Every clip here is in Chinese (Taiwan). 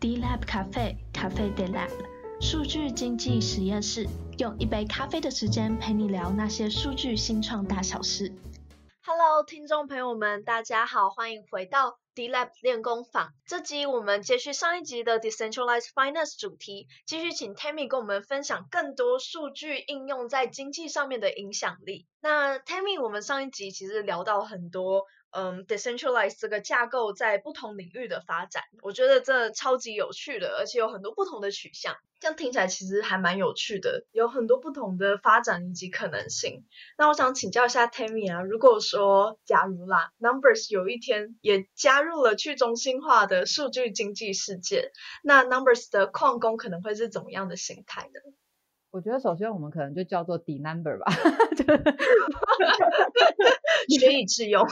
D Lab 咖啡，咖啡 de Lab，數據經濟實驗室，用一杯咖啡的時間陪你聊那些數據新創大小事。Hello，聽眾朋友們，大家好，歡迎回到 D Lab 練功坊。這集我們接續上一集的 Decentralized Finance 主題，繼續請 Tammy 跟我們分享更多數據應用在經濟上面的影響力。那 Tammy，我們上一集其實聊到很多。嗯，um, Decentralize 這個架構在不同領域的發展，我覺得這超級有趣的，而且有很多不同的取向。這樣聽起來其實還蠻有趣的，有很多不同的發展以及可能性。那我想請教一下 Tammy 啊，如果說假如啦，Numbers 有一天也加入了去中心化的數據經濟世界，那 Numbers 的礦工可能會是怎麼樣的形態呢？我覺得首先我們可能就叫做 de number 吧，學 以致用。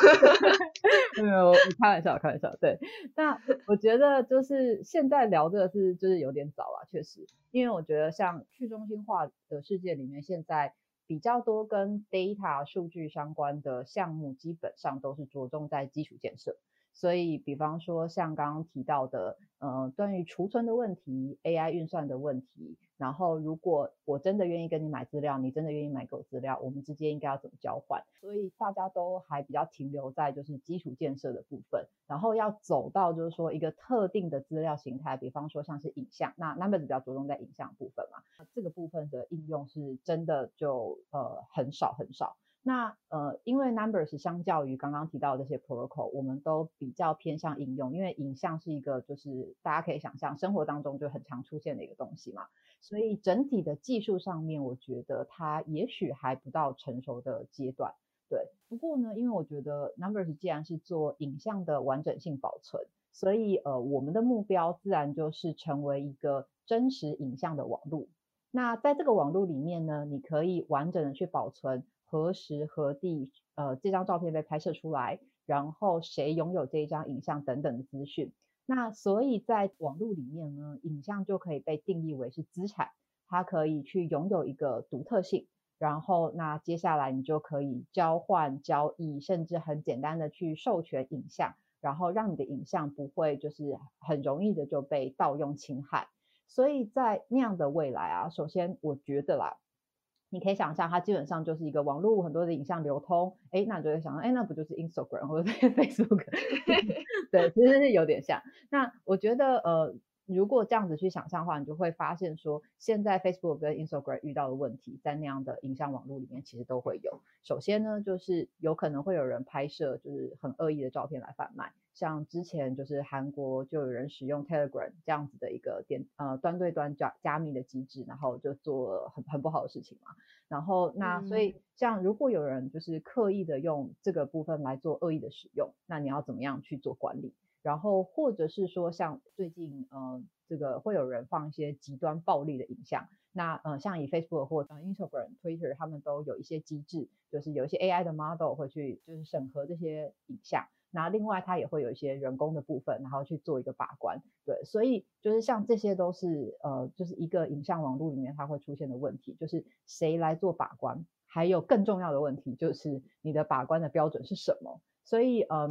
沒有，我開玩笑，開玩笑。對，那我覺得就是現在聊的是就是有點早啊，確實，因為我覺得像去中心化的世界裡面，現在比較多跟 data 數據相關的項目，基本上都是着重在基礎建設。所以，比方說像剛剛提到的，呃關於儲存的問題、AI 運算的問題，然後如果我真的願意跟你買資料，你真的願意買給我資料，我們之間應該要怎麼交換？所以大家都還比較停留在就是基礎建設的部分，然後要走到就是說一個特定的資料形態，比方說像是影像，那 Numbers 比較着重在影像部分嘛，這個部分的應用是真的就呃很少很少，很少那呃，因為 Numbers 相較於剛剛提到的這些 protocol，我們都比較偏向應用，因為影像是一個就是大家可以想象生活當中就很常出現的一個東西嘛，所以整體的技術上面，我覺得它也許還不到成熟的階段。對，不過呢，因為我覺得 Numbers 既然是做影像的完整性保存，所以呃，我們的目標自然就是成為一個真實影像的網路。那在這個網路裡面呢，你可以完整的去保存。何時何地，呃，這張照片被拍攝出來，然後誰擁有這一張影像等等的資訊。那所以在網絡裡面呢，影像就可以被定義為是資產，它可以去擁有一個獨特性。然後那接下來你就可以交換、交易，甚至很簡單的去授權影像，然後讓你的影像不會就是很容易的就被盜用侵害。所以在那樣的未來啊，首先我覺得啦。你可以想象，它基本上就是一個網絡很多的影像流通，哎，那你就會想像，哎，那不就是 Instagram 或者 Facebook？ 對，其實是有點像。那我覺得，呃，如果這樣子去想象的話，你就會發現說，現在 Facebook 跟 Instagram 遇到的問題，在那樣的影像網絡裡面其實都會有。首先呢，就是有可能會有人拍攝就是很惡意的照片來販賣。像之前就是韓國就有人使用 Telegram 這樣子的一個點呃端對端加加密的機制，然後就做很很不好的事情嘛。然後那所以像如果有人就是刻意的用這個部分來做惡意的使用，那你要怎麼樣去做管理？然後或者是說像最近呃這個會有人放一些極端暴力的影像，那呃像以 Facebook 或者 Instagram、Twitter 他們都有一些機制，就是有一些 AI 的 model 會去就是審核這些影像。那另外，它也會有一些人工的部分，然後去做一個把關。對，所以就是像這些，都是呃，就是一個影像網絡裡面它會出現的問題，就是誰來做把關，還有更重要的問題，就是你的把關的標準是什麼？所以，嗯，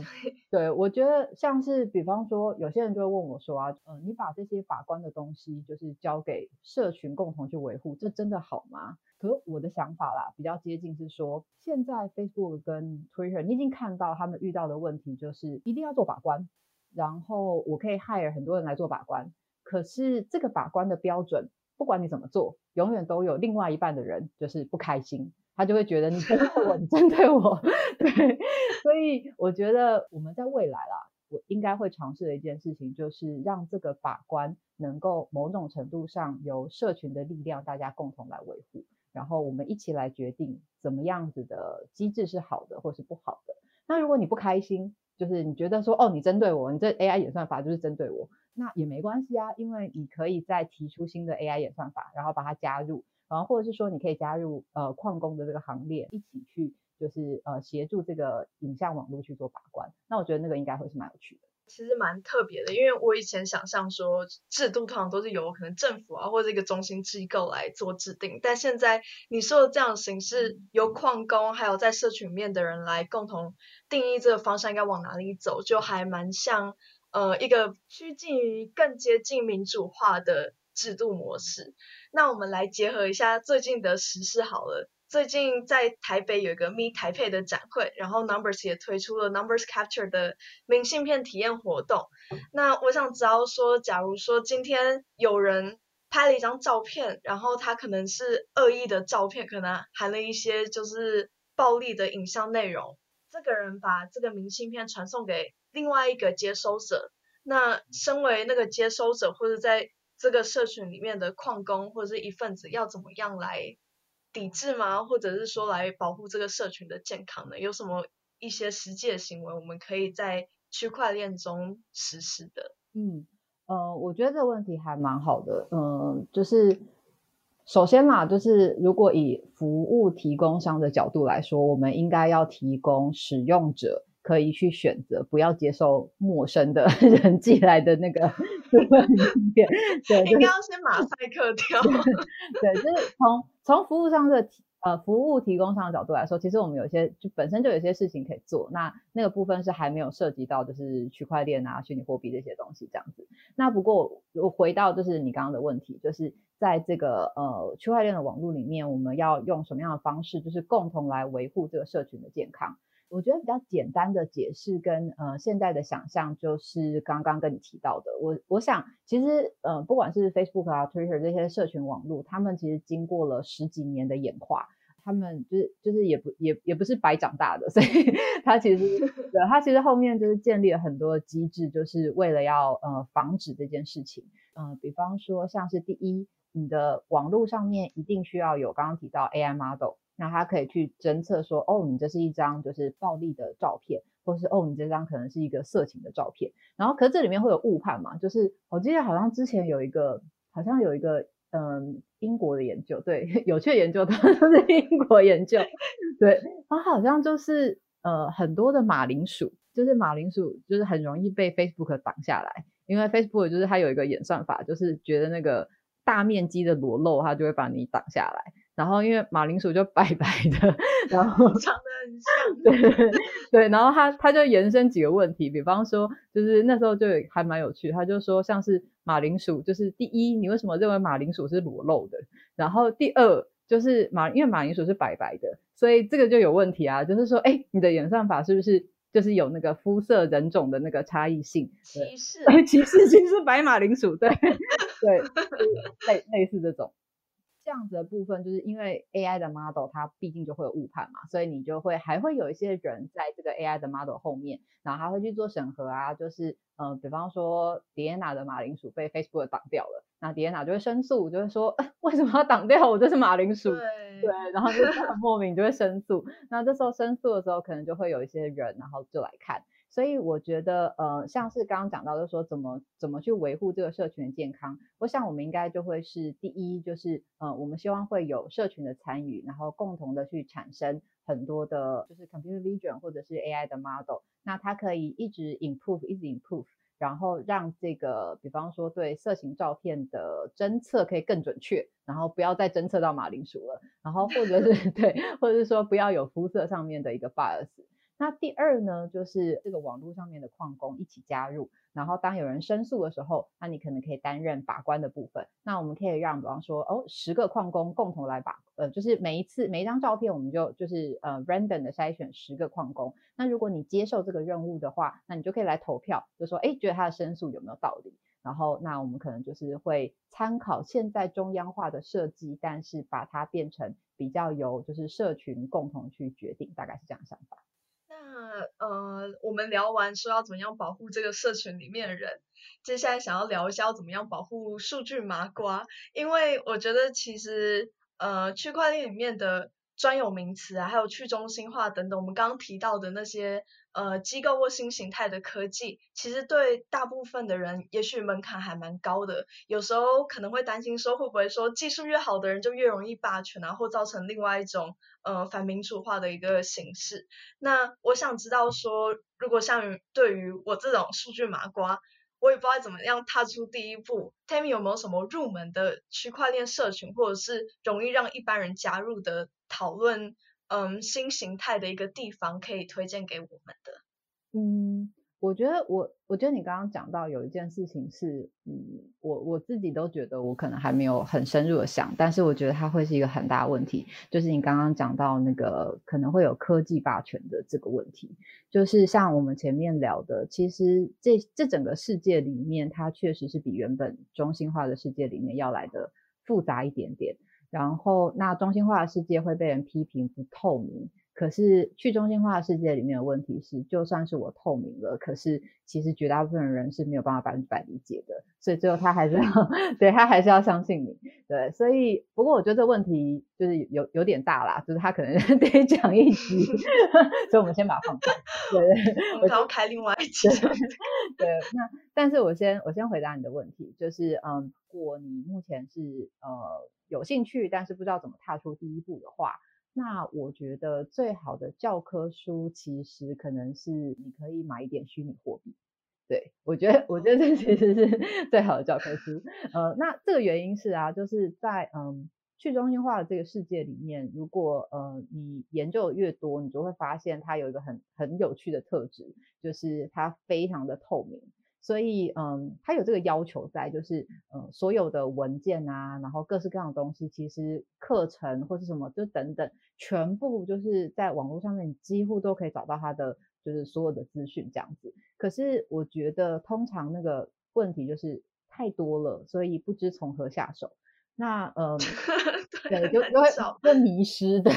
對，對，我覺得像是，比方說，有些人就會問我說啊，嗯，你把這些把關的東西，就是交給社群共同去維護，這真的好嗎？可是我的想法啦，比較接近是說，現在 Facebook 跟 Twitter，你已經看到他們遇到的問題，就是一定要做把關，然後我可以 hire 很多人來做把關，可是這個把關的標準，不管你怎麼做，永遠都有另外一半的人就是不開心，他就會覺得你真的不穩針對我，你針對我，對。所以我覺得我們在未來啦，我應該會嘗試的一件事情，就是讓這個法官能夠某種程度上由社群的力量，大家共同來維護，然後我們一起來決定怎麼樣子的機制是好的或是不好的。那如果你不開心，就是你覺得說哦，你針對我，你這 AI 演算法就是針對我，那也沒關係啊，因為你可以再提出新的 AI 演算法，然後把它加入，然後或者是說你可以加入呃礦工的這個行列，一起去。就是呃協助這個影像網絡去做把關，那我覺得那個應該會是蠻有趣的，其實蠻特別的，因為我以前想象說制度通常都是由可能政府啊或者一個中心機構來做制定，但現在你說的這樣形式，嗯、由礦工還有在社群面的人來共同定義這個方向應該往哪裡走，就還蠻像呃一個趨近於更接近民主化的制度模式。那我們來結合一下最近的時事好了。最近在台北有一個 m e e 台配的展會，然後 Numbers 也推出了 Numbers Capture 的明信片體驗活動。那我想知道說，假如說今天有人拍了一張照片，然後他可能是惡意的照片，可能含了一些就是暴力的影像內容，這個人把這個明信片傳送給另外一個接收者，那身為那個接收者或者在這個社群裡面的礦工或者是一份子，要怎麼樣來？理智嗎？或者是說來保護這個社群的健康呢？有什麼一些實際的行為，我們可以在區塊鏈中實施的？嗯，呃，我覺得這個問題還蠻好的。嗯，就是首先嘛，就是如果以服務提供商的角度來說，我們應該要提供使用者。可以去選擇不要接受陌生的人寄來的那個 對，就是，應該要先馬賽克掉。 對，就是從從服務上的提呃服務提供上的角度來說，其實我們有些就本身就有些事情可以做。那那個部分是還沒有涉及到，就是區塊鏈啊、虛擬貨幣這些東西這樣子。那不過我回到就是你剛剛的問題，就是在這個呃區塊鏈的網路裡面，我們要用什麼樣的方式，就是共同來維護這個社群的健康。我覺得比較簡單的解釋跟呃現在的想象就是剛剛跟你提到的，我我想其實呃不管是 Facebook 啊 Twitter 這些社群網絡，他們其實經過了十幾年的演化，他們就是就是也不也也不是白長大的，所以他其實 對，他其實後面就是建立了很多機制，就是為了要呃防止這件事情，嗯、呃，比方說像是第一，你的網絡上面一定需要有剛剛提到 AI model。那他可以去偵測說，哦，你這是一張就是暴力的照片，或是哦，你這張可能是一個色情的照片。然後，可是這裡面會有誤判嘛？就是我、哦、記得好像之前有一個，好像有一個，嗯、呃，英國的研究，對，有趣的研究，都是英國研究，對。 然後好像就是呃，很多的馬鈴薯，就是馬鈴薯，就是很容易被 Facebook 擋下來，因為 Facebook 就是它有一個演算法，就是覺得那個大面積的裸露，它就會把你擋下來。然後因為馬鈴薯就白白的，然後長 得很像，對對。然後他他就延伸幾個問題，比方說就是那時候就還蠻有趣，他就說像是馬鈴薯，就是第一，你為什麼認為馬鈴薯是裸露的？然後第二就是馬，因為馬鈴薯是白白的，所以這個就有問題啊，就是說哎，你的演算法是不是就是有那個膚色人種的那個差異性歧視？歧視其實白馬鈴薯，對對， 類類似這種。這樣子的部分，就是因為 AI 的 model 它畢竟就會有誤判嘛，所以你就會還會有一些人在這個 AI 的 model 後面，然後還會去做審核啊，就是嗯、呃，比方說迪安娜的馬鈴薯被 Facebook 擋掉了，那迪安娜就會申訴，就會、是、說為什麼要擋掉？我這是馬鈴薯，對，對，然後就很莫名就會申訴。 那這時候申訴的時候，可能就會有一些人，然後就來看。所以我覺得，呃，像是剛剛講到就是說，就說怎麼怎麼去維護這個社群的健康，我想我們應該就會是第一，就是呃，我們希望會有社群的參與，然後共同的去產生很多的，就是 computer vision 或者是 AI 的 model，那它可以一直 improve，一直 improve，然後讓這個，比方說對色情照片的偵測可以更準確，然後不要再偵測到馬鈴薯了，然後或者是 對，或者是說不要有膚色上面的一個 bias。那第二呢，就是這個網絡上面的礦工一起加入，然後當有人申訴的時候，那你可能可以擔任把關的部分。那我們可以讓比方說，哦，十個礦工共同來把，呃，就是每一次每一張照片，我們就就是呃，random 的篩選十個礦工。那如果你接受這個任務的話，那你就可以來投票，就說哎，覺得他的申訴有沒有道理。然後，那我們可能就是會參考現在中央化的設計，但是把它變成比較由就是社群共同去決定，大概是這樣的想法。嗯呃，我們聊完說要怎麼樣保護這個社群裡面的人，接下來想要聊一下要怎麼樣保護數據麻瓜，因為我覺得其實呃，區塊鏈裡面的專有名詞啊，還有去中心化等等，我們剛剛提到的那些。呃，機構或新形態的科技，其實對大部分的人，也許門檻還蠻高的。有時候可能會擔心說，會不會說技術越好的人就越容易霸權，啊，然後造成另外一種呃反民主化的一個形式。那我想知道說，如果像於對於我這種數據麻瓜，我也不知道怎麼樣踏出第一步。Tammy 有沒有什麼入門的區塊鏈社群，或者是容易讓一般人加入的討論？嗯，新形態的一個地方可以推薦給我們的。嗯，我覺得我，我覺得你剛剛講到有一件事情是，嗯，我我自己都覺得我可能還沒有很深入的想，但是我覺得它會是一個很大的問題，就是你剛剛講到那個可能會有科技霸權的這個問題，就是像我們前面聊的，其實這這整個世界裡面，它確實是比原本中心化的世界裡面要來得複雜一點點。然後，那中心化的世界會被人批評不透明。可是，去中心化的世界裡面的問題是，就算是我透明了，可是其實絕大部分人是沒有辦法百分之百理解的。所以，最後他還是要， 對，他還是要相信你。對，所以不過我覺得這問題就是有有點大啦，就是他可能 得講一集， 所以我們先把它放開，對， 我要就開另外一集。 對，對，那但是我先我先回答你的問題，就是嗯，如果你目前是呃有興趣，但是不知道怎麼踏出第一步的話，那我覺得最好的教科書其實可能是你可以買一點虛擬貨幣。對，我覺得我覺得這其實是最 好的教科書。呃，那這個原因是啊，就是在嗯、呃、去中心化的這個世界裡面，如果呃你研究的越多，你就會發現它有一個很很有趣的特質，就是它非常的透明。所以嗯、呃，它有這個要求在，就是呃所有的文件啊，然後各式各樣的東西，其實課程或是什麼就等等，全部就是在網絡上面你幾乎都可以找到它的。就是所有的資訊這樣子，可是我覺得通常那個問題就是太多了，所以不知從何下手。那呃，對，就就會會迷失，對。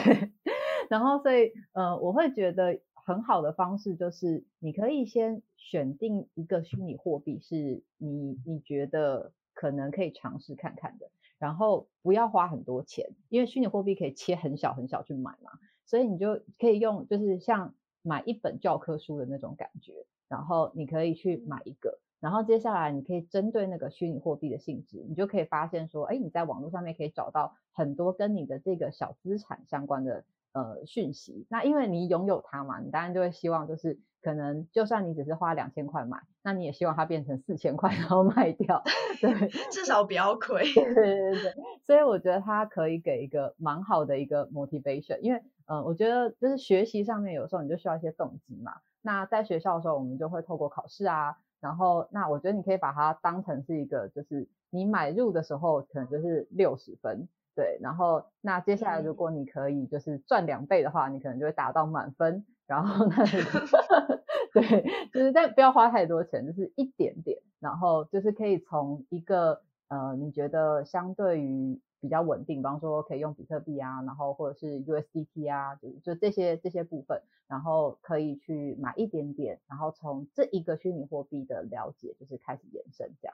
然後所以呃，我會覺得很好的方式就是你可以先選定一個虛擬貨幣，是你你覺得可能可以嘗試看看的，然後不要花很多錢，因為虛擬貨幣可以切很小很小去買嘛，所以你就可以用就是像。買一本教科書的那種感覺，然後你可以去買一個，然後接下來你可以針對那個虛擬貨幣的性質，你就可以發現說，哎，你在網絡上面可以找到很多跟你的這個小資產相關的呃訊息。那因為你擁有它嘛，你當然就會希望就是可能就算你只是花兩千塊買，那你也希望它變成四千塊然後賣掉，對，至少不要虧。 對對對，對，所以我覺得它可以給一個蠻好的一個 motivation，因為。嗯，我覺得就是學習上面有時候你就需要一些動機嘛。那在學校的時候，我們就會透過考試啊，然後那我覺得你可以把它當成是一個，就是你買入的時候可能就是六十分，對，然後那接下來如果你可以就是賺兩倍的話，嗯、你可能就會達到滿分。然後那 對，就是但不要花太多錢，就是一點點，然後就是可以從一個呃，你覺得相對於。比較穩定，比方說可以用比特幣啊，然後或者是 USDT 啊，就就這些這些部分，然後可以去買一點點，然後從這一個虛擬貨幣的了解，就是開始延伸這樣。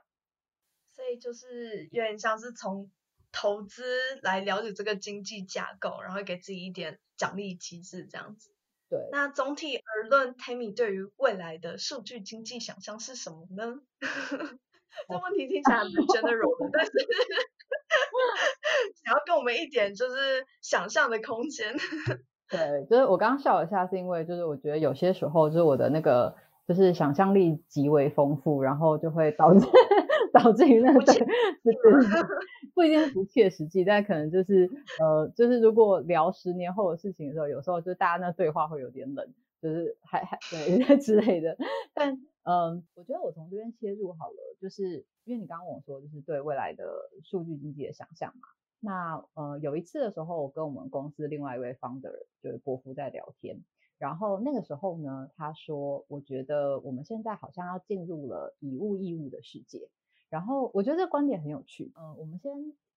所以就是有點像是從投資來了解這個經濟架構，然後給自己一點獎勵機制這樣子。對。那總體而論，Tammy 對於未來的數據經濟想象是什麼呢？ 這問題聽起來很 general，但是。 然後給我們一點就是想象的空間，對，就是我剛剛笑了一下，是因為就是我覺得有些時候就是我的那個就是想象力極為豐富，然後就會導致導致於那個不一定是不切實際，但可能就是呃就是如果聊十年後的事情的時候，有時候就大家那對話會有點冷，就是還還對那之類的。但嗯，我覺得我從這邊切入好了，就是因為你剛剛跟我說就是對未來的數據經濟的想象嘛。那呃，有一次的時候，我跟我們公司另外一位 founder 就是伯父在聊天，然後那個時候呢，他說我覺得我們現在好像要進入了以物易物的世界，然後我覺得這個觀點很有趣，嗯，我們先。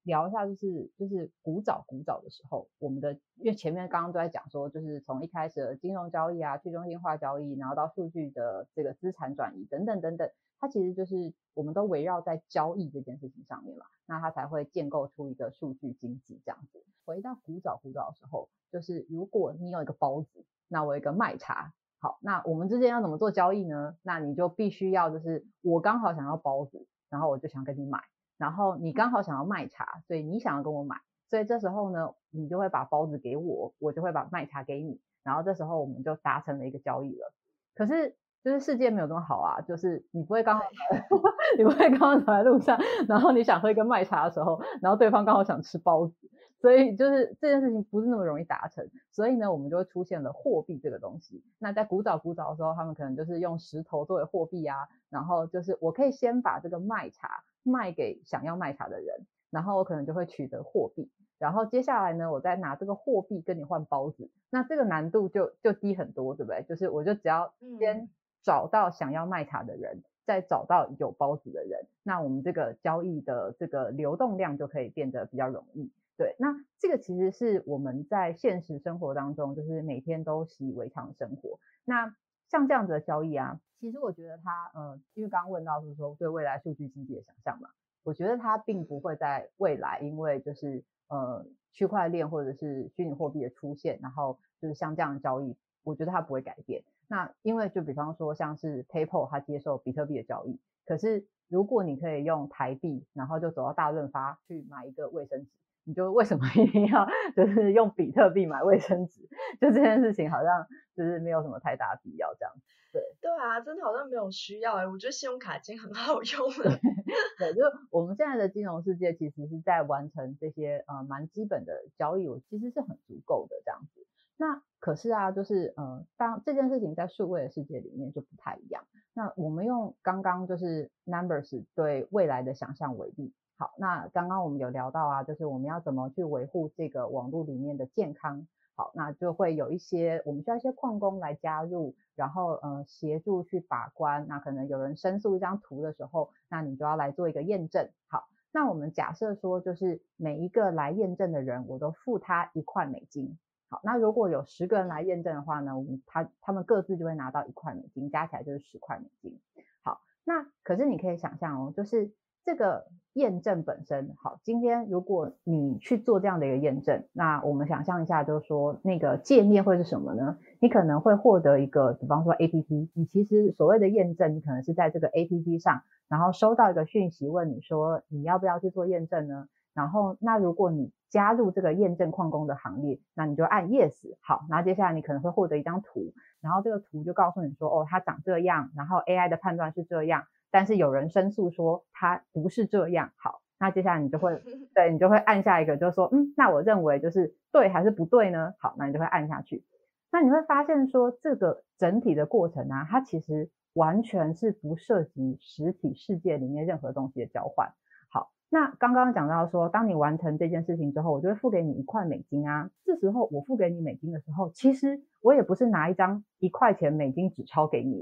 聊一下，就是就是古早古早的時候，我們的，因為前面剛剛都在講說，就是從一開始的金融交易啊、去中心化交易，然後到數據的這個資產轉移等等等等，它其實就是我們都圍繞在交易這件事情上面嘛，那它才會建構出一個數據經濟這樣子。回到古早古早的時候，就是如果你有一個包子，那我有一個賣茶，好，那我們之間要怎麼做交易呢？那你就必須要就是我剛好想要包子，然後我就想跟你買。然後你剛好想要麥茶，所以你想要跟我買，所以這時候呢，你就會把包子給我，我就會把麥茶給你，然後這時候我們就達成了一個交易了。可是就是世界沒有這麼好啊，就是你不會剛好，對 你不會剛好走在路上，然後你想喝一個麥茶的時候，然後對方剛好想吃包子，所以就是這件事情不是那麼容易達成，所以呢，我們就會出現了貨幣這個東西。那在古早古早的時候，他們可能就是用石頭作為貨幣啊，然後就是我可以先把這個麥茶。賣給想要賣茶的人，然後我可能就會取得貨幣，然後接下來呢，我再拿這個貨幣跟你換包子，那這個難度就就低很多，對不對？就是我就只要先找到想要賣茶的人，再找到有包子的人，那我們這個交易的這個流動量就可以變得比較容易，對。那這個其實是我們在現實生活當中，就是每天都習以為常的生活。那像這樣子的交易啊。其實我覺得他，嗯，因為剛剛問到是說，對未來數據經濟的想象嘛，我覺得他並不會在未來，因為就是呃區塊鏈或者是虛擬貨幣的出現，然後就是像這樣的交易，我覺得它不會改變。那因為就比方說像是 PayPal，它接受比特幣的交易，可是如果你可以用台幣，然後就走到大潤發去買一個衛生紙。你就為什麼一定要就是用比特幣買衛生紙？就這件事情好像就是沒有什麼太大必要這樣子。對對啊，真的好像沒有需要誒、欸、我覺得信用卡已經很好用了。 對，就是我們現在的金融世界其實是在完成這些呃蠻基本的交易，我其實是很足夠的這樣子。那可是啊，就是呃，當這件事情在數位的世界裡面就不太一樣。那我們用剛剛就是 Numbers 對未來的想象為例。好，那剛剛我們有聊到啊，就是我們要怎麼去維護這個網絡裡面的健康。好，那就會有一些，我們需要一些礦工來加入，然後呃協助去把關。那可能有人申訴一張圖的時候，那你就要來做一個驗證。好，那我們假設說就是每一個來驗證的人，我都付他一塊美金。好，那如果有十個人來驗證的話呢，我們他他們各自就會拿到一塊美金，加起來就是十塊美金。好，那可是你可以想象哦，就是。這個驗證本身。好，今天如果你去做這樣的一個驗證，那我們想象一下，就是說那個界面會是什麼呢？你可能會獲得一個，比方說 APP，你其實所謂的驗證，你可能是在這個 APP 上，然後收到一個訊息問你說你要不要去做驗證呢？然後那如果你加入這個驗證礦工的行列，那你就按 Yes，好，那接下來你可能會獲得一張圖，然後這個圖就告訴你說哦，它長這樣，然後 AI 的判斷是這樣。但是有人申訴說他不是這樣，好，那接下來你就會對你就會按下一個，就說嗯，那我認為就是對還是不對呢？好，那你就會按下去。那你會發現說這個整體的過程呢、啊，它其實完全是不涉及實體世界裡面任何東西的交換。好，那剛剛講到說，當你完成這件事情之後，我就會付給你一塊美金啊。這時候我付給你美金的時候，其實我也不是拿一張一塊錢美金紙鈔給你。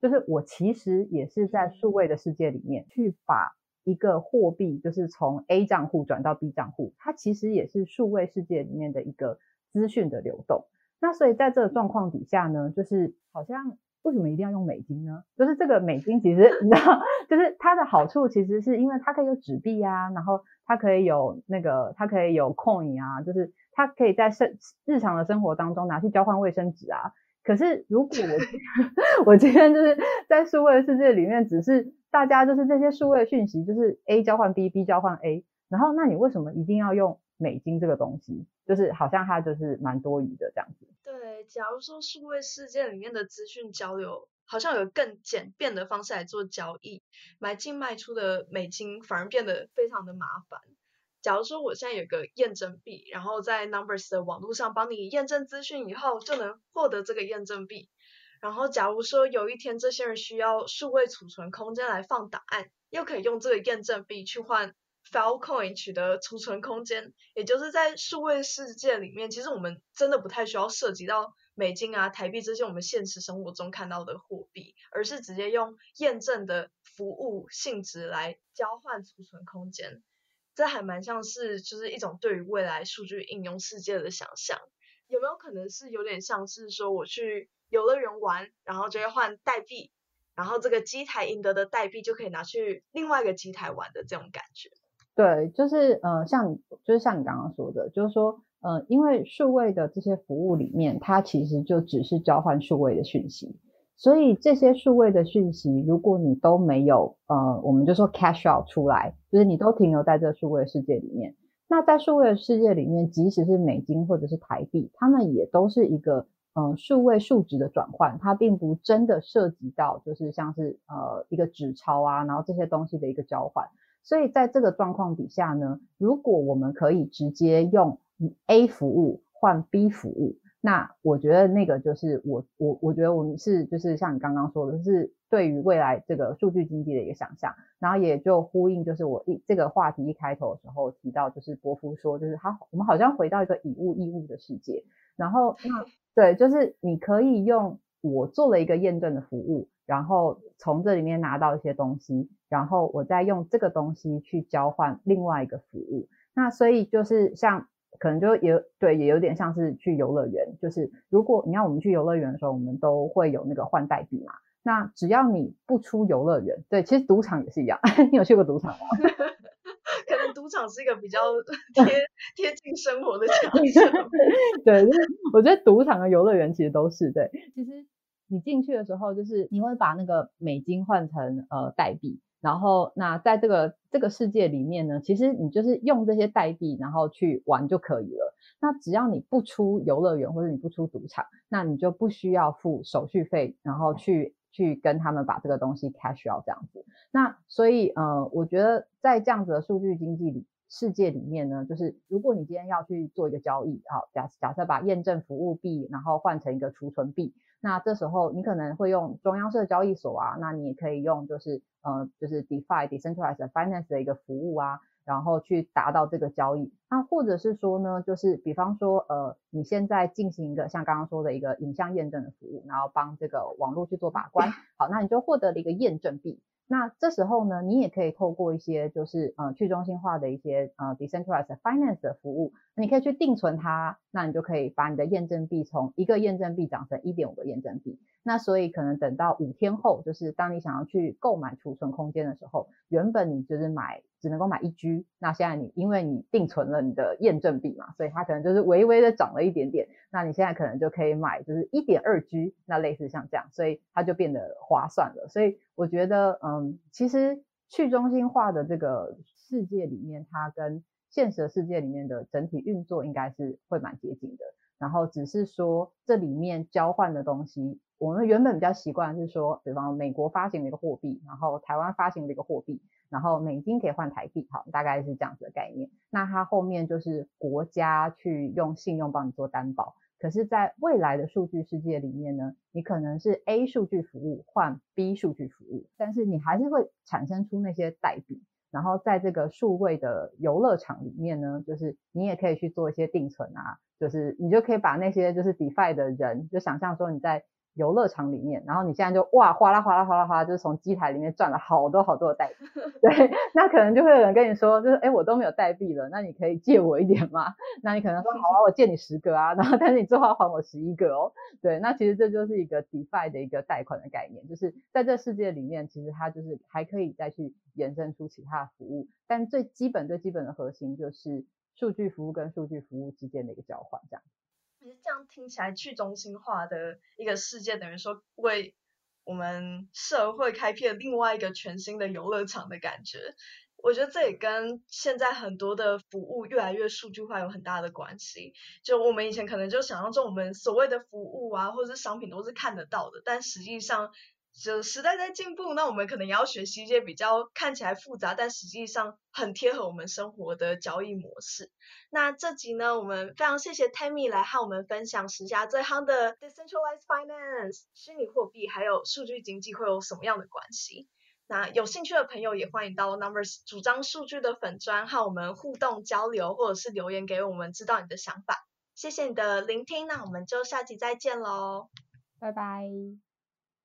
就是我其實也是在數位的世界裡面去把一個貨幣，就是從 A 賬戶轉到 B 賬戶它其實也是數位世界裡面的一個資訊的流動。那所以在這個狀況底下呢，就是好像為什麼一定要用美金呢？就是這個美金其實你知道，就是它的好處其實是因為它可以有紙幣啊，然後它可以有那個它可以有 coin 啊，就是它可以在生日常的生活當中拿去交換衛生紙啊。可是，如果我我今天就是在數位世界裡面，只是大家就是這些數位訊息，就是 A 交換 B，B 交換 A，然後那你為什麼一定要用美金這個東西？就是好像它就是蠻多餘的這樣子。對，假如說數位世界裡面的資訊交流，好像有更簡便的方式來做交易，買進賣出的美金反而變得非常的麻煩。假如說我現在有個驗證幣，然後在 Numbers 的網絡上幫你驗證資訊以後，就能獲得這個驗證幣。然後假如說有一天這些人需要數位儲存空間來放檔案，又可以用這個驗證幣去換 Filecoin 取得儲存空間。也就是在數位世界裡面，其實我們真的不太需要涉及到美金啊、台幣這些我們現實生活中看到的貨幣，而是直接用驗證的服務性質來交換儲存空間。這還蠻像是，就是一種對於未來數據應用世界的想象。有沒有可能是有點像是說，我去遊樂園玩，然後就會換代幣，然後這個機台贏得的代幣就可以拿去另外一個機台玩的這種感覺？對，就是呃，像就是像你剛剛說的，就是說，呃，因為數位的這些服務裡面，它其實就只是交換數位的訊息。所以這些數位的訊息，如果你都沒有呃，我們就說 cash out 出來，就是你都停留在這數位世界裡面。那在數位的世界裡面，即使是美金或者是台幣，它們也都是一個嗯、呃、數位數值的轉換，它並不真的涉及到就是像是呃一個紙鈔啊，然後這些東西的一個交換。所以在這個狀況底下呢，如果我們可以直接用 A 服務換 B 服務。那我覺得那個就是我我我覺得我們是就是像你剛剛說的，就是對於未來這個數據經濟的一個想象然後也就呼應，就是我一這個話題一開頭的時候提到，就是伯夫說就是他我們好像回到一個以物易物的世界，然後那對，就是你可以用我做了一個驗證的服務，然後從這裡面拿到一些東西，然後我再用這個東西去交換另外一個服務，那所以就是像。可能就也對，也有點像是去遊樂園。就是如果你要我們去遊樂園的時候，我們都會有那個換代幣嘛。那只要你不出遊樂園，對，其實賭場也是一樣。 你有去過賭場嗎？可能賭場是一個比較貼 貼，貼近生活的場所。 對，就是、我覺得賭場和遊樂園其實都是，對。其實 你進去的時候，就是你會把那個美金換成呃代幣。然後，那在這個這個世界裡面呢，其實你就是用這些代幣，然後去玩就可以了。那只要你不出遊樂園或者你不出賭場，那你就不需要付手續費，然後去去跟他們把這個東西 cash out 這樣子。那所以，呃，我覺得在這樣子的數據經濟裡。世界裡面呢，就是如果你今天要去做一個交易，好，假假設把驗證服務幣，然後換成一個儲存幣，那這時候你可能會用中央式交易所啊，那你也可以用就是呃就是 DeFi Decentralized Finance 的一個服務啊，然後去達到這個交易。那或者是說呢，就是比方說呃你現在進行一個像剛剛說的一個影像驗證的服務，然後幫這個網絡去做把關，好，那你就獲得了一個驗證幣。那這時候呢，你也可以透過一些就是，呃，去中心化的一些，呃，decentralized finance 的服務。你可以去定存它，那你就可以把你的驗證幣從一個驗證幣漲成一點五個驗證幣。那所以可能等到五天後，就是當你想要去購買儲存空間的時候，原本你就是買，只能夠買一 G，那現在你因為你定存了你的驗證幣嘛，所以它可能就是微微的漲了一點點。那你現在可能就可以買就是一點二 G，那類似像這樣，所以它就變得划算了。所以我覺得，嗯，其實去中心化的這個世界裡面，它跟現實的世界裡面的整體運作應該是會蠻接近的。然後只是說這裡面交換的東西，我們原本比較習慣是說，比方說美國發行了一個貨幣，然後台灣發行了一個貨幣，然後美金可以換台幣，好，大概是這樣子的概念。那它後面就是國家去用信用幫你做擔保，可是，在未來的數據世界裡面呢，你可能是 A 數據服務換 B 數據服務，但是你還是會產生出那些代幣。然後在這個數位的遊樂場裡面呢，就是你也可以去做一些定存啊，就是你就可以把那些就是 DeFi 的人，就想象說你在。遊樂場裡面，然後你現在就哇嘩啦嘩啦嘩啦嘩啦，就是從機台裡面賺了好多好多的代幣。對，那可能就會有人跟你說，就是哎，我都沒有代幣了，那你可以借我一點嗎？那你可能說好，好，我借你十個啊，然後但是你最後要還我十一個哦。對，那其實這就是一個 DeFi 的一個貸款的概念，就是在這世界裡面，其實它就是還可以再去衍生出其他的服務，但最基本最基本的核心就是數據服務跟數據服務之間的一個交換，這樣。這樣聽起來，去中心化的一個世界，等於說為我們社會開闢了另外一個全新的遊樂場的感覺。我覺得這也跟現在很多的服務越來越數據化有很大的關係。就我們以前可能就想象中，我們所謂的服務啊，或者是商品都是看得到的，但實際上。就時代在進步，那我們可能也要學習一些比較看起來複雜，但實際上很貼合我們生活的交易模式。那這集呢，我們非常謝謝 Tammy 來和我們分享時下最夯的 Decentralized Finance，虛擬貨幣還有數據經濟會有什麼樣的關係。那有興趣的朋友也歡迎到 Numbers 主張數據的粉專和我們互動交流，或者是留言給我們知道你的想法。謝謝你的聆聽，那我們就下集再見嘍，拜拜。